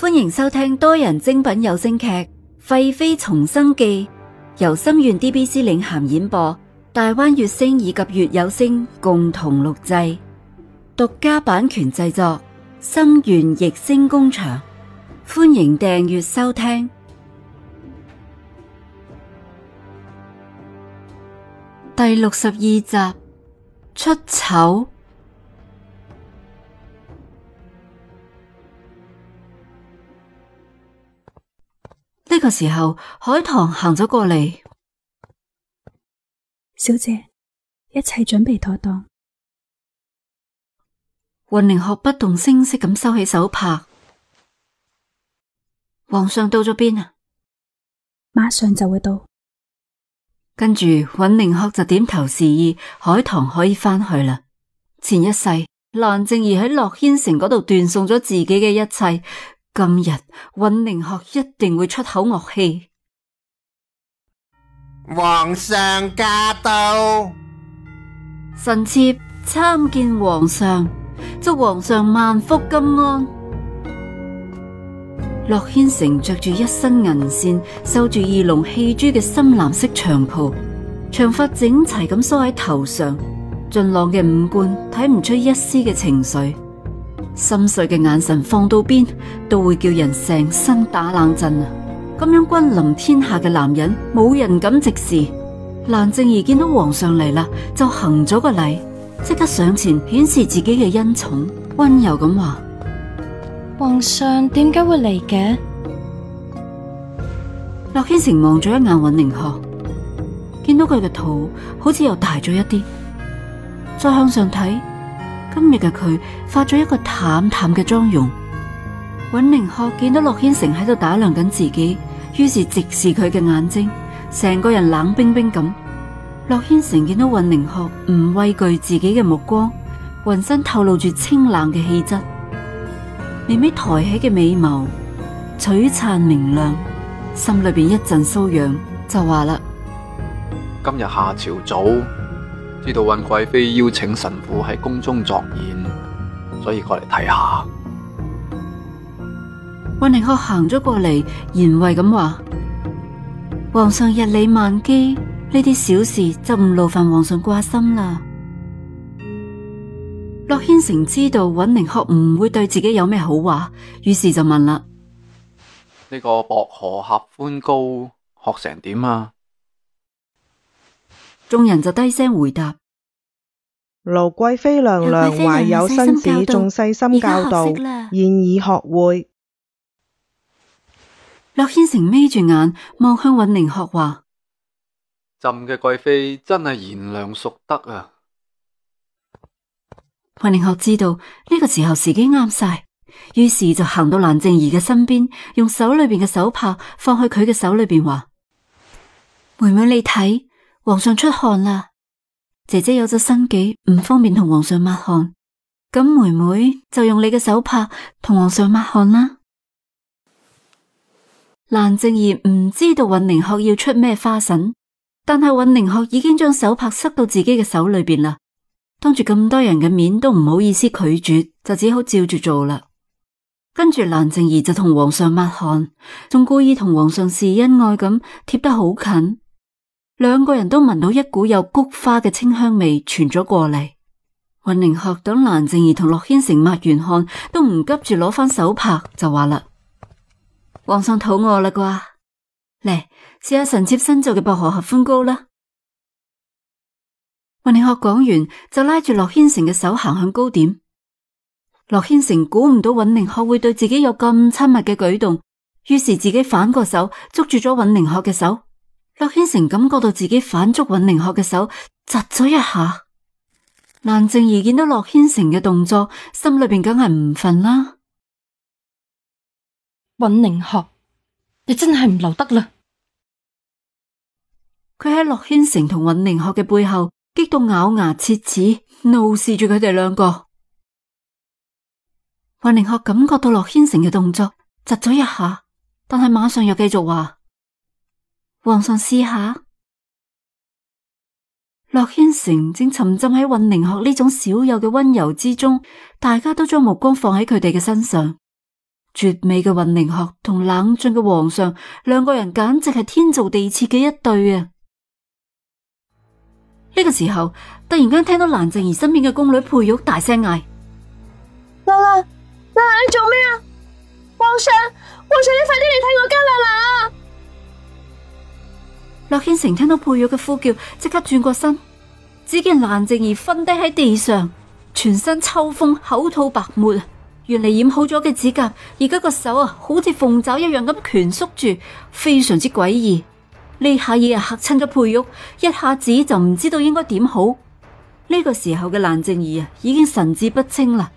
歡迎收聽多人精品有聲劇《廢妃重生記》，由心願 DBC 領銜演播，大灣月星以及月有聲共同錄製，獨家版權製作，心願逸聲工場。歡迎訂閱收聽第六十二集出醜。呢個時候，海棠行咗過嚟，小姐，一切準備妥當。尹凝鶴不動聲色咁收起手帕。皇上到咗邊啊？馬上就會到。跟住尹凝鶴就點頭示意，海棠可以返去啦。前一世，藍靜兒喺洛軒城嗰度斷送咗自己嘅一切。今日尹寧學一定會出口惡氣。皇上駕到，臣妾參見皇上，祝皇上萬福金安。洛軒成着住一身銀線、繡住二龍戲珠嘅深藍色長袍，長髮整齊咁梳喺頭上，俊朗嘅五官睇唔出一絲嘅情緒。心碎嘅眼神放到邊都會叫人成身打冷震啊！咁樣君臨天下嘅男人，冇人敢直視。蘭靜兒見到皇上嚟啦，就行咗個禮，即刻上前顯示自己嘅恩寵，溫柔咁話：皇上點解會嚟嘅？洛軒成望咗一眼尹寧鶴，見到佢嘅肚好似又大咗一啲，再向上睇。今日嘅佢化咗一個淡淡嘅妝容，尹凌鶴見到洛軒成喺度打量緊自己，於是直視佢嘅眼睛，成個人冷冰冰咁。洛軒成見到尹凌鶴唔畏懼自己嘅目光，渾身透露住清冷嘅氣質，微微抬起嘅美眸，璀璨明亮，心裏邊一陣酥癢，就話啦：今日下朝早。知道尹貴妃邀請神父喺宮中作宴，所以過嚟睇下。尹寧學行咗過嚟，賢惠咁話：皇上日理萬機，呢啲小事就唔勞煩皇上掛心啦。駱軒成知道尹寧學唔會對自己有咩好話，於是就問啦：呢個薄荷合歡膏學成點啊？眾人就低聲回答：盧貴妃娘娘懷有身子，仲細心教導，現已學會。駱軒成眯住眼望向允寧學話：朕嘅貴妃真係賢良淑德啊！允寧學知道呢個時候自己啱晒，於是就行到蘭靜兒嘅身邊，用手裏邊嘅手帕放去佢嘅手裏邊話：妹妹你睇。皇上出汗啦，姐姐有咗身紀，唔方便同皇上抹汗，咁妹妹就用你嘅手帕同皇上抹汗啦。蘭靜兒唔知道尹寧學要出咩花臣，但係尹寧學已經將手帕塞到自己嘅手裏邊啦，當住咁多人嘅面都唔好意思拒絕，就只好照住做啦。跟住蘭靜兒就同皇上抹汗，仲故意同皇上示恩愛咁貼得好近。兩個人都聞到一股有菊花嘅清香味傳咗過嚟。尹寧鶴等蘭靜儀同洛軒成抹完汗，都唔急住攞翻手帕，就話啦：皇上肚餓啦啩，嚟試下臣妾新做嘅薄荷合歡糕啦。尹寧鶴講完就拉住洛軒成嘅手行向糕點。洛軒成估唔到尹寧鶴會對自己有咁親密嘅舉動，於是自己反過手捉住咗尹寧鶴嘅手。洛軒成感覺到自己反捉尹寧學嘅手，窒咗一下。蘭靜兒見到洛軒成嘅動作，心裏邊梗係唔瞓啦。尹寧學，你真係唔留得啦！佢喺洛軒成同尹寧學嘅背後，激到咬牙切齒，怒視住佢哋兩個。尹寧學感覺到洛軒成嘅動作，窒咗一下，但係馬上又繼續話。皇上試下。洛軒成正沉浸喺運寧鶴呢種少有嘅温柔之中，大家都將目光放喺佢哋嘅身上。絕美嘅運寧鶴同冷峻嘅皇上兩個人簡直係天造地設嘅一對啊！呢個時候突然間聽到蘭靜怡身邊嘅宮女佩玉大聲嗌：娘娘，你做咩啊？皇上，皇上，你快啲嚟睇我家娘娘啊！駱軒成聽到佩玉嘅呼叫，即刻轉過身，只見蘭靜兒瞓低喺地上，全身抽風，口吐白沫。原嚟染好咗嘅指甲，而家個手啊，好似鳳爪一樣咁蜷縮住，非常之詭異。呢下嘢嚇親咗佩玉，一下子就唔知道應該點好。呢、這個時候嘅蘭靜兒啊，已經神志不清啦。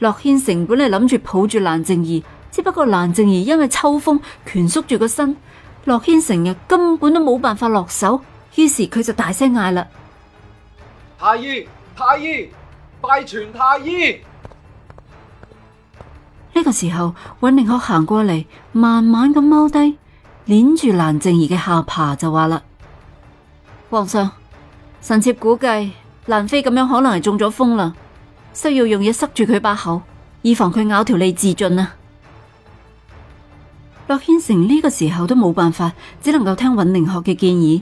駱軒成本嚟諗住抱住蘭靜兒，只不過蘭靜兒因為抽風，蜷縮住個身。樂軒成日根本都冇辦法落手，於是佢就大聲嗌啦：太醫，拜全太醫，快傳太醫！呢個時候，尹寧可行過嚟，慢慢咁踎低，捏住蘭靜兒嘅下巴就話啦：皇上，臣妾估計蘭妃咁樣可能係中咗風啦，需要用嘢塞住佢把口，以防佢咬條脷自盡啊！駱軒成呢個時候都冇辦法，只能夠聽尹寧學嘅建議。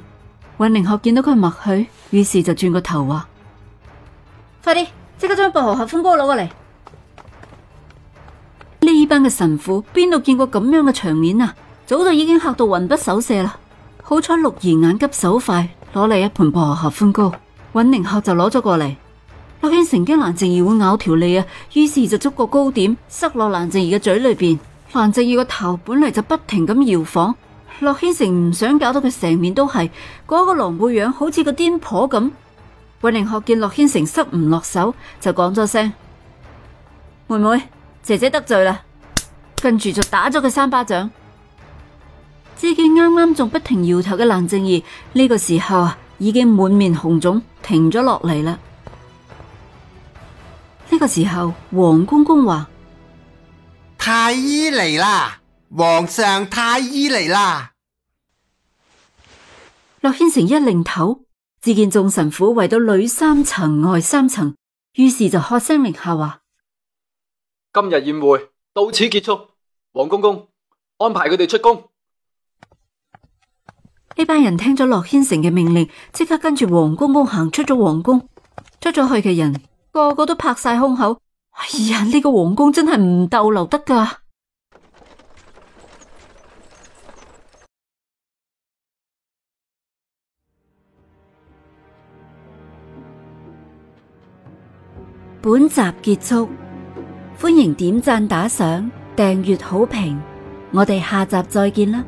尹寧學見到佢默許，於是就轉個頭話：快啲，即刻將薄荷合歡糕攞過嚟！呢班嘅神父邊度見過咁樣嘅場面啊？早就已經嚇到魂不守舍啦！好彩六兒眼急手快，攞嚟一盤薄荷合歡糕，尹寧學就攞咗過嚟。駱軒成驚蘭靜兒會咬條脷啊，於是就捉個糕點塞落蘭靜兒嘅嘴裏邊。范靜儀個頭本嚟就不停咁搖晃，駱千成唔想搞到佢成面都係嗰個狼狽樣，好似個癲婆咁。韋寧鶴見駱千成失唔落手，就講咗聲：妹妹，姐姐得罪啦。跟住就打咗佢三巴掌。只見啱啱仲不停搖頭嘅范靜儀，呢個時候啊已經滿面紅腫，停咗落嚟啦。呢個時候，黃公公話。太醫嚟啦！皇上，太醫嚟啦！洛軒成一擰頭，只見眾神府圍到裏三層外三層，於是就喝聲令下話，今日宴會到此結束，王公公安排佢哋出宮。呢班人聽咗洛軒成嘅命令，即刻跟住王公公行出咗皇宮。出咗去嘅人個個都拍晒胸口。哎呀，呢、這個皇宮真係唔逗留得噶。本集結束，歡迎點贊、打賞、訂閱、好評，我哋下集再見啦。